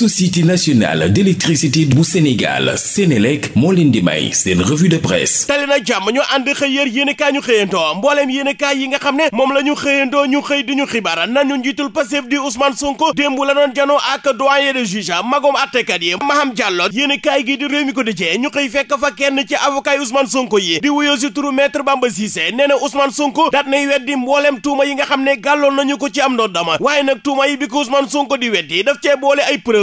société nationale d'électricité bu Sénégal Sénélec moo leen di may seen revue de presse tali na ñu ànd xëy yér yéenekaay ñu xëyantoo mbooleem yéenekaay yi nga xam ne moom la ñu xëyandoo ñu xëy di ñu xibaar nañu njiitul Pastef di Ousmane Sonko démb la doon janoo ak doyen de juge magom attekat yi Maham Diallo yéenekaay gi di Rewmi Quotidien ñu xëy fekk fa kenn ci avocat yi Ousmane Sonko yi di wuyoo si turu Bamba Cissé nee na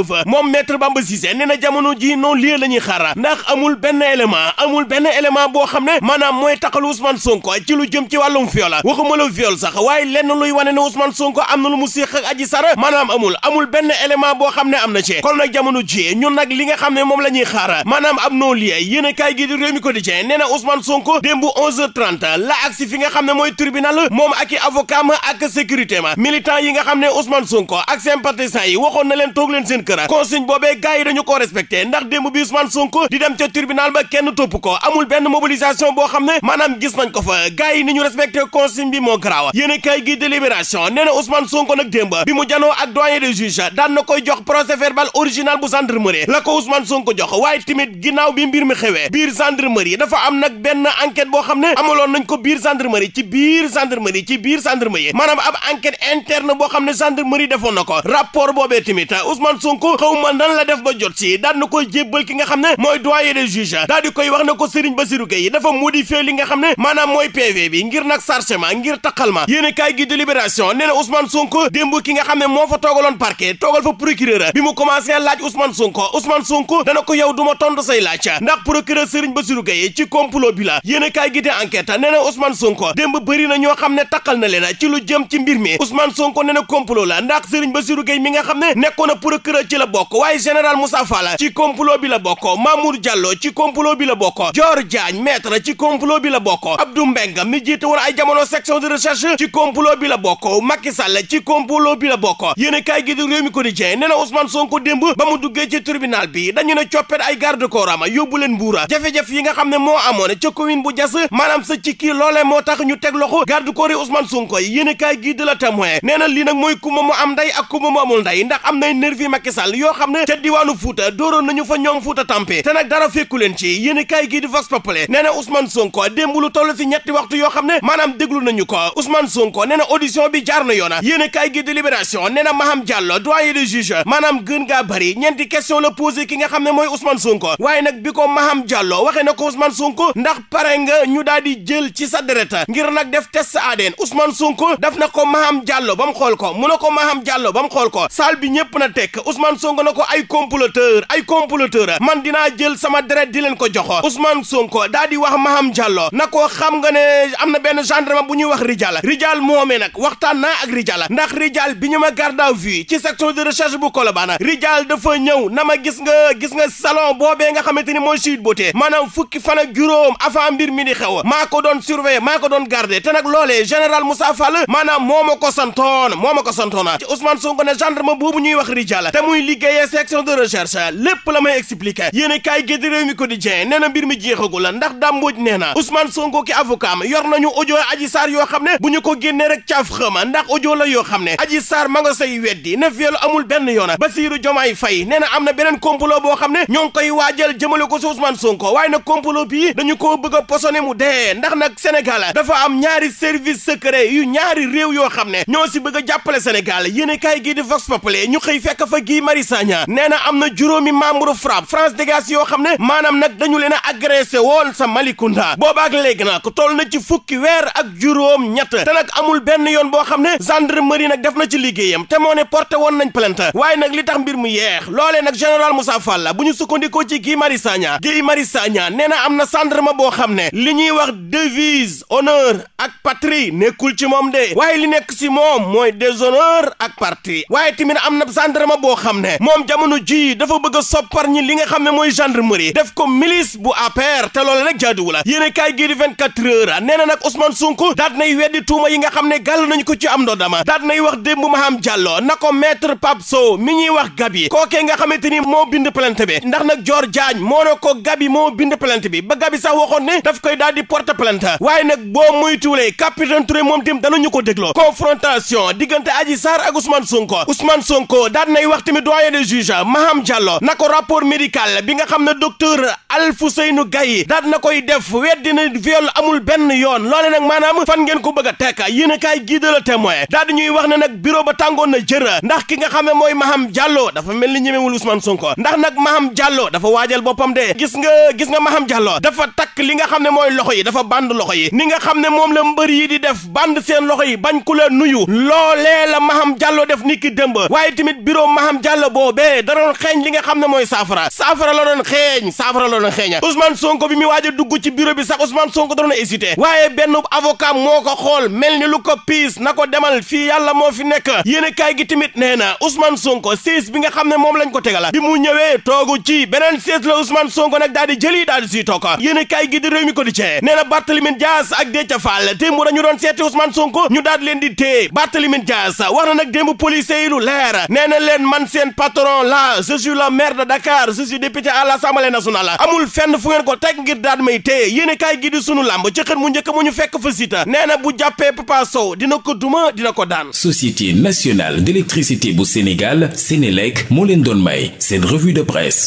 fa moom maître Bamba Cissé nee na jamono ji non lieu la ñuy xaar ndax amul benn élément amul benn élément boo xam ne maanaam mooy taxal Ousmane Sonko ci lu jëm ci wàllum viol waxuma la viol sax waaye lenn luy wane ne Ousmane Sonko am na lu mu séq ak Adji Sarr maanaam amul amul benn élément boo xam ne am na ci kon nag jamono ji ñun nag li nga xam ne moom la ñuy xaar maanaam ab non lieu yéen a kaay gi di Rewmi Quotidien nee Sonko démb 11h30 la ak si fi nga xam ne mooy tribunal moom ak i avocat ma yi nga xam ne Ousmane Sonko ak sympathisants na leen toog leen seen kër consigne boobee gars yi dañu ko respecté ndax démb bi Ousmane Sonko di dem ca tribunal ba kenn topp ko amul benn mobilisation boo xam ne maanaam gis nañ ko fa gars yi ni ñu respecté consigne bi moo garaaw yéen a kaay gi délibération nee na Ousmane Sonko nag démb bi mu janoo ak doyen des juges daan na koy jox procès verbal original bu gendarmerie la ko Ousmane Sonko jox waaye tamit ginnaaw bi mbir mi xewee biir gendarmerie dafa am nag benn enquête boo xam ne amaloon nañ ko biir gendarmerie ci ci boo xam ne gendarmerie defoon na ko rapport Sonko xaw ma nan la def ba jot ci daan na koy jébbal ki nga xam ne mooy doyen des juges daal koy wax na ko Serigne Bassirou Gueye dafa modifié li nga xam ne maanaam mooy PV bi ngir nag chargement ngir taqal ma yéen a kaay gi délibération nee na Ousmane Sonko démb ki nga xam ne moo fa toogaloon parquet toogal fa procureur bi mu commencé laaj Ousmane Sonko Ousmane Sonko dana ko yow du ma tontu say laaj ndax procureur Serigne Bassirou Gueye ci complot bi la yéen a kaay gi di enquête nee na ñoo xam ne taqal na leen ci lu jëm ci mbir mi Ousmane Sonko nee na complot la ndax Serigne Bassirou mi nga xam ci la bokk waaye général Moussa Fall ci complot bi la bokk Mamour Diallo ci complot bi la bokk Dior Diagne maître ci complot bi la bokk Abdou Mbengue mi jiite woon ay jamono section de recherche ci complot bi bokk Macky ci complot bi la bokk yéen a kaay gi di Rewmi Quotidien nee na Ousmane Sonko démb ba mu duggee ci tribunal bi dañu ne coppet ay garde corps am yóbbu leen mbuura jafe-jafe yi nga xam ne moo amoon ca commune bu Diass maanaam sa ci kii loolee moo tax ñu teg loxo garde corps yi Ousmane Sonko yéen a kaay na lii nag mooy kumba mu am nday Sall yoo xam ne ca diwaanu Fuuta dooroon nañu fa ñoom Fuuta Tampe te nag dara fekku leen ci yéen kaay gii di Vox Populi nee na Ousmane Sonko démb lu toll si ñetti waxtu yoo xam ne maanaam déglu nañu ko Ousmane Sonko nee na audition bi jaar na yoona yéen kaay gii di Libération nee na Maham Diallo doyen des juges maanaam gën ngaa bëri ñeenti question la posé ki nga xam ne mooy Ousmane Sonko waaye nag bi ko Maham Diallo waxee na ko Ousmane Sonko ndax pare nga ñu daal di ko mu xool ko mu na ko Maham ko salle Ousmane Sonko na ko ay comploteur ay comploteur man dinaa jël sama deret di leen ko jox Ousmane Sonko daa di wax Maham Diallo na ko xam nga ne am na benn gendarme bu ñuy wax Rijal Rijal moomee nag waxtaan naa ak Rijal ndax Rijal bi ñu ma gardaa à vue ci section de recherche bu Colobane Rijal dafa ñëw na ma gis nga gis nga salon boobee nga xamante ni mooy Sweet Beauté maanaam fukki fan ak juróom avant mbir mi di xew maa ko doon surveiller maa ko doon garder te nag loolee général Moussa Fall maanaam moo ma ko santoon moo ma ko santoon Ousmane Sonko ne gendarme boobu ñuy wax Rijal muy liggéeyee section de recherche lépp la may expliquer yéen a kaay gi di réew mi quotidien nee na mbir mi jeexagul ndax dàmbooj nee na Ousmane Sonko ki avocat am yor nañu audio Adji Sarr yoo xam ne bu ñu ko génnee rek caaf xëma ndax audio la yoo xam ne Adji Sarr ma nga say weddi ne viol amul benn yoon Basirou Diomaye Faye nee na am na beneen complot boo xam ne ñoo ngi koy waajal jëmale ko si Ousmane Sonko waaye nag complot bii dañu koo bëgg a posone mu dee ndax nag Sénégal dafa am ñaari service ñaari réew yoo xam ne ñoo si bëgg a jàppale Sénégal yéen Mari Sagna nee na am na juróomi membre FRAPP France Dégage yoo xam ne maanaam nag dañu leen a agressé woon sa Malicounda boobaak léegi nag toll na ci fukki weer ak juróom ñett te nag amul benn yoon boo xam ne gendarmerie nag def na ci liggéeyam te moo ne porté woon nañ plainte waaye nag li tax mbir mu yeex loole nag général Moussa Fall la bu ñu sukkandikoo ci Guy Mari Sagna i Mari Sagna nee na am na gendarme boo xam ne li ñuy wax devise honneur ak patrie nekkul ci moom de waaye li nekk si moom mooy déshonneur ak parti waaye tamit am na ma boo xam ne moom jamono ji dafa bëgg a soppar ñi li nga xam ne mooy gendarmerie def ko milice bu APR te loolu nag jaaduwul la yéen a kaay gii di 24 heures ah, nee na nag Ousmane Sonko daat nay weddi tuuma yi nga xam ne gall nañu ko ci am ndoddama daat nay wax démb Maham Diallo na ko maître Pape Sow mi ñuy wax yi kookee nga xamante ni moo bind plainte bi ndax nag Dior Diagne moo ne ko Gabi moo bind plainte bi ba Gabi sax waxoon ne daf koy daal di porte plainte waaye nag boo muy capitaine Touré moom tim danañu ko dégloo confrontation diggante Adji Sarr ak Ousmane Sonko Ousmane Sonko daan nay wax tamit doyen des juges Maham Diallo na ko rapport médical bi nga xam ne docteur Alfouseynou Gaye daan na koy def weddi na viol amul benn yoon loole na maanaam fan ngeen ko bëgg a tekk yéen a kaay gii de la témoin wax ne nag bureau ba tàngoon na jër ndax ki nga xam ne mooy Maham Diallo dafa mel ni ñemewul Ousmane Sonko ndax nag Maham Diallo dafa waajal boppam de gis nga gis nga Maham Diallo dafa takk li nga xam ne mooy loxo yi dafa band loxo yi ni nga xam ne moom la mbër yi di def band seen loxo yi bañ ku la nuyu loolee la Maham Diallo def niki démb waaye tamit bureau Maham Diallo boobee da doon xeeñ li nga xam ne mooy saafara saafara la doon xeeñ saafara la doon xeeña Ousmane Sonko bi mu waaj dugg ci bureau bi sax Ousmane Sonko da doon hésité waaye benn avocat moo ko xool mel ni lu ko piis na ko demal fii yàlla moo fi nekk yéen kaay gi tamit nee na Ousmane Sonko siis bi nga xam ne moom lañ ko tegala bi mu ñëwee toogu ci beneen siis la Ousmane Sonko nag daal daal di siy toog yéen kaay gi di réew mi démb dañu doon seeti son Sonko ñu daal leen di téye Barthélémy Dias wax na nag démb policiers lu leer nee na leen man seen patron la je suis le maire de Dakar je suis député à l'Assemblée la amul fenn fu ngeen ko teg ngir daal may téye yéen i kaay gi sunu làmb ci xët mu njëkk mu ñu fekk fa nee na bu jàppee Papa Sow dina ko duma dina ko daan Société nationale d'électricité bu Sénégal Sénélec moo leen doon may seen revue de presse